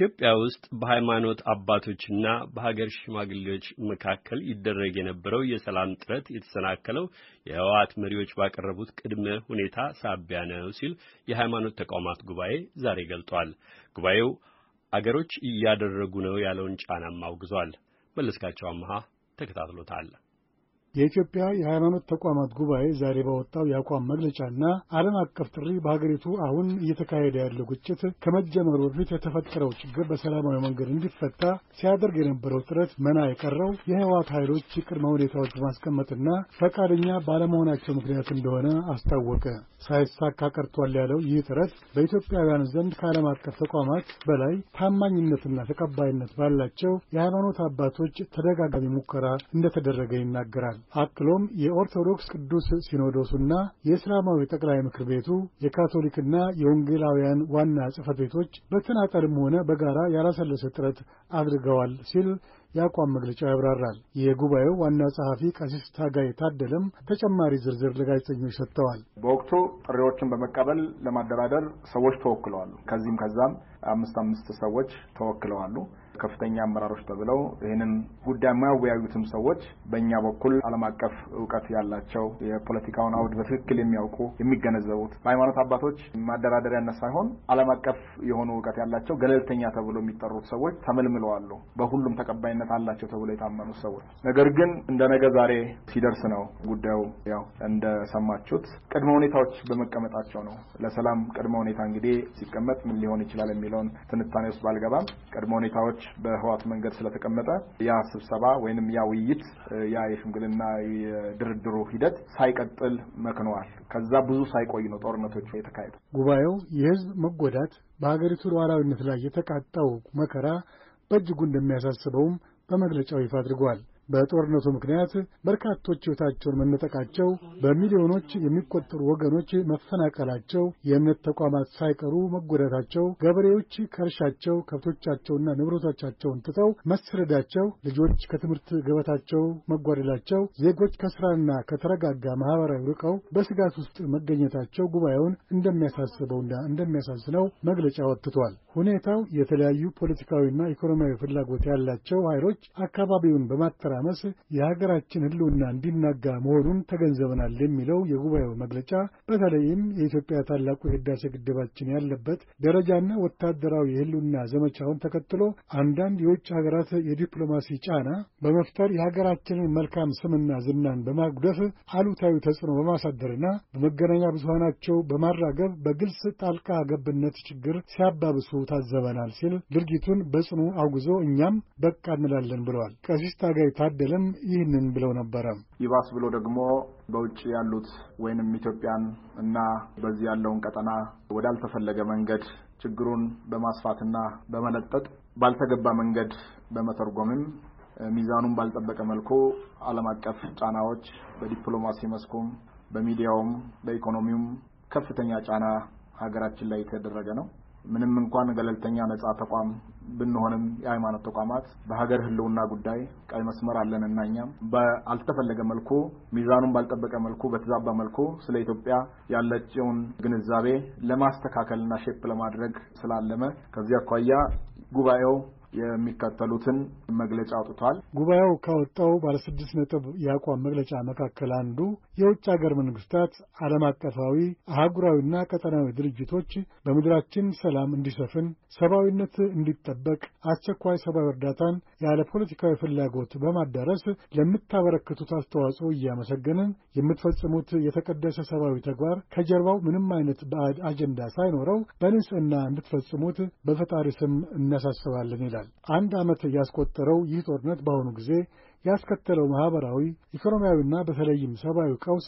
ኢትዮጵያ ውስጥ በሃይማኖት አባቶችና በሀገር ሽማግሌዎች መካከል ይደረግ የነበረው የሰላም ጥረት የተሰናከለው የህወሓት መሪዎች ባቀረቡት ቅድመ ሁኔታ ሳቢያ ነው ሲል የሃይማኖት ተቋማት ጉባኤ ዛሬ ገልጧል። ጉባኤው አገሮች እያደረጉ ነው ያለውን ጫናም አውግዟል። መለስካቸው አመሃ ተከታትሎታል። የኢትዮጵያ የሃይማኖት ተቋማት ጉባኤ ዛሬ ባወጣው የአቋም መግለጫና ዓለም አቀፍ ጥሪ በሀገሪቱ አሁን እየተካሄደ ያለው ግጭት ከመጀመሩ በፊት የተፈጠረው ችግር በሰላማዊ መንገድ እንዲፈታ ሲያደርግ የነበረው ጥረት መና የቀረው የህወሓት ኃይሎች ቅድመ ሁኔታዎች በማስቀመጥና ፈቃደኛ ባለመሆናቸው ምክንያት እንደሆነ አስታወቀ። ሳይሳካ ቀርቷል ያለው ይህ ጥረት በኢትዮጵያውያን ዘንድ ከዓለም አቀፍ ተቋማት በላይ ታማኝነትና ተቀባይነት ባላቸው የሃይማኖት አባቶች ተደጋጋሚ ሙከራ እንደተደረገ ይናገራል። አክሎም የኦርቶዶክስ ቅዱስ ሲኖዶሱና የእስላማዊ ጠቅላይ ምክር ቤቱ የካቶሊክና የወንጌላውያን ዋና ጽህፈት ቤቶች በተናጠልም ሆነ በጋራ ያላሰለሰ ጥረት አድርገዋል ሲል የአቋም መግለጫው ያብራራል። የጉባኤው ዋና ጸሐፊ ቀሲስ ታጋይ ታደለም ተጨማሪ ዝርዝር ለጋዜጠኞች ሰጥተዋል። በወቅቱ ጥሪዎችን በመቀበል ለማደራደር ሰዎች ተወክለዋሉ። ከዚህም ከዛም አምስት አምስት ሰዎች ተወክለዋሉ። ከፍተኛ አመራሮች ተብለው ይህንን ጉዳይ የማያወያዩትም ሰዎች በእኛ በኩል ዓለም አቀፍ እውቀት ያላቸው የፖለቲካውን አውድ በትክክል የሚያውቁ የሚገነዘቡት በሃይማኖት አባቶች ማደራደሪያነት ሳይሆን ዓለም አቀፍ የሆኑ እውቀት ያላቸው ገለልተኛ ተብሎ የሚጠሩት ሰዎች ተመልምለዋሉ። በሁሉም ተቀባይነት አላቸው ተብሎ የታመኑት ሰዎች ነገር ግን እንደ ነገ ዛሬ ሲደርስ ነው ጉዳዩ ያው እንደሰማችሁት ቅድመ ሁኔታዎች በመቀመጣቸው ነው። ለሰላም ቅድመ ሁኔታ እንግዲህ ሲቀመጥ ምን ሊሆን ይችላል የሚለውን ትንታኔ ውስጥ ባልገባም ቅድመ ሁኔታዎች ሰዎች በህዋት መንገድ ስለተቀመጠ ያ ስብሰባ ወይንም ያ ውይይት ያ የሽምግልና የድርድሩ ሂደት ሳይቀጥል መክነዋል። ከዛ ብዙ ሳይቆይ ነው ጦርነቶች የተካሄዱ። ጉባኤው የህዝብ መጎዳት በሀገሪቱ ሉዓላዊነት ላይ የተቃጣው መከራ በእጅጉ እንደሚያሳስበውም በመግለጫው ይፋ አድርጓል። በጦርነቱ ምክንያት በርካቶች ሕይወታቸውን መነጠቃቸው፣ በሚሊዮኖች የሚቆጠሩ ወገኖች መፈናቀላቸው፣ የእምነት ተቋማት ሳይቀሩ መጎዳታቸው፣ ገበሬዎች ከእርሻቸው ከብቶቻቸውና ንብረቶቻቸውን ትተው መሰደዳቸው፣ ልጆች ከትምህርት ገበታቸው መጓደላቸው፣ ዜጎች ከሥራና ከተረጋጋ ማኅበራዊ ርቀው በስጋት ውስጥ መገኘታቸው ጉባኤውን እንደሚያሳስበውና እንደሚያሳዝነው መግለጫ ወጥቷል። ሁኔታው የተለያዩ ፖለቲካዊና ኢኮኖሚያዊ ፍላጎት ያላቸው ኃይሎች አካባቢውን በማጠራ አመፅ የሀገራችን ህልውና እንዲናጋ መሆኑን ተገንዘበናል የሚለው የጉባኤው መግለጫ በተለይም የኢትዮጵያ ታላቁ የህዳሴ ግድባችን ያለበት ደረጃና ወታደራዊ የህልውና ዘመቻውን ተከትሎ አንዳንድ የውጭ ሀገራት የዲፕሎማሲ ጫና በመፍጠር የሀገራችንን መልካም ስምና ዝናን በማጉደፍ አሉታዊ ተጽዕኖ በማሳደርና በመገናኛ ብዙሃናቸው በማራገብ በግልጽ ጣልቃ ገብነት ችግር ሲያባብሱ ታዘበናል ሲል ድርጊቱን በጽኑ አውግዞ እኛም በቃ እንላለን ብለዋል። ቀሲስ ታጋይ ታደለም ይህንን ብለው ነበረ። ይባስ ብሎ ደግሞ በውጭ ያሉት ወይንም ኢትዮጵያን እና በዚህ ያለውን ቀጠና ወዳልተፈለገ መንገድ ችግሩን በማስፋትና በመለጠጥ ባልተገባ መንገድ በመተርጎምም ሚዛኑን ባልጠበቀ መልኩ ዓለም አቀፍ ጫናዎች በዲፕሎማሲ መስኩም በሚዲያውም በኢኮኖሚውም ከፍተኛ ጫና ሀገራችን ላይ የተደረገ ነው። ምንም እንኳን ገለልተኛ ነጻ ተቋም ብንሆንም የሃይማኖት ተቋማት በሀገር ህልውና ጉዳይ ቀይ መስመር አለን እና እኛም በአልተፈለገ መልኩ ሚዛኑን ባልጠበቀ መልኩ በተዛባ መልኩ ስለ ኢትዮጵያ ያለችውን ግንዛቤ ለማስተካከልና ሼፕ ለማድረግ ስላለመ ከዚህ አኳያ ጉባኤው የሚከተሉትን መግለጫ አውጥቷል። ጉባኤው ካወጣው ባለስድስት ነጥብ የአቋም መግለጫ መካከል አንዱ የውጭ ሀገር መንግስታት፣ ዓለም አቀፋዊ አህጉራዊና ቀጠናዊ ድርጅቶች በምድራችን ሰላም እንዲሰፍን፣ ሰብአዊነት እንዲጠበቅ፣ አስቸኳይ ሰብአዊ እርዳታን ያለ ፖለቲካዊ ፍላጎት በማዳረስ ለምታበረክቱት አስተዋጽኦ እያመሰገንን የምትፈጽሙት የተቀደሰ ሰብአዊ ተግባር ከጀርባው ምንም አይነት ባዕድ አጀንዳ ሳይኖረው በንጽህና እንድትፈጽሙት በፈጣሪ ስም እናሳስባለን ይላል። ይላል። አንድ ዓመት ያስቆጠረው ይህ ጦርነት በአሁኑ ጊዜ ያስከተለው ማኅበራዊ ኢኮኖሚያዊና በተለይም ሰብአዊ ቀውስ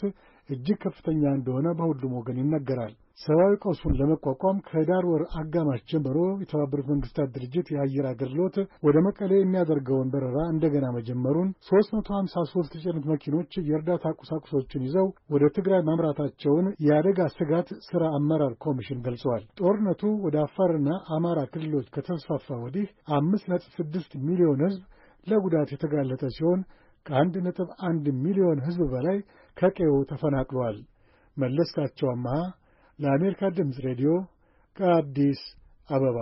እጅግ ከፍተኛ እንደሆነ በሁሉም ወገን ይነገራል። ሰብአዊ ቀውሱን ለመቋቋም ከህዳር ወር አጋማሽ ጀምሮ የተባበሩት መንግስታት ድርጅት የአየር አገልግሎት ወደ መቀሌ የሚያደርገውን በረራ እንደገና መጀመሩን 353 የጭነት መኪኖች የእርዳታ ቁሳቁሶችን ይዘው ወደ ትግራይ ማምራታቸውን የአደጋ ስጋት ሥራ አመራር ኮሚሽን ገልጸዋል። ጦርነቱ ወደ አፋርና አማራ ክልሎች ከተስፋፋ ወዲህ 5.6 ስድስት ሚሊዮን ሕዝብ ለጉዳት የተጋለጠ ሲሆን ከአንድ ነጥብ አንድ ሚሊዮን ሕዝብ በላይ ከቀዩ ተፈናቅሏል። መለስካቸው አማሃ ለአሜሪካ ድምፅ ሬዲዮ ከአዲስ አበባ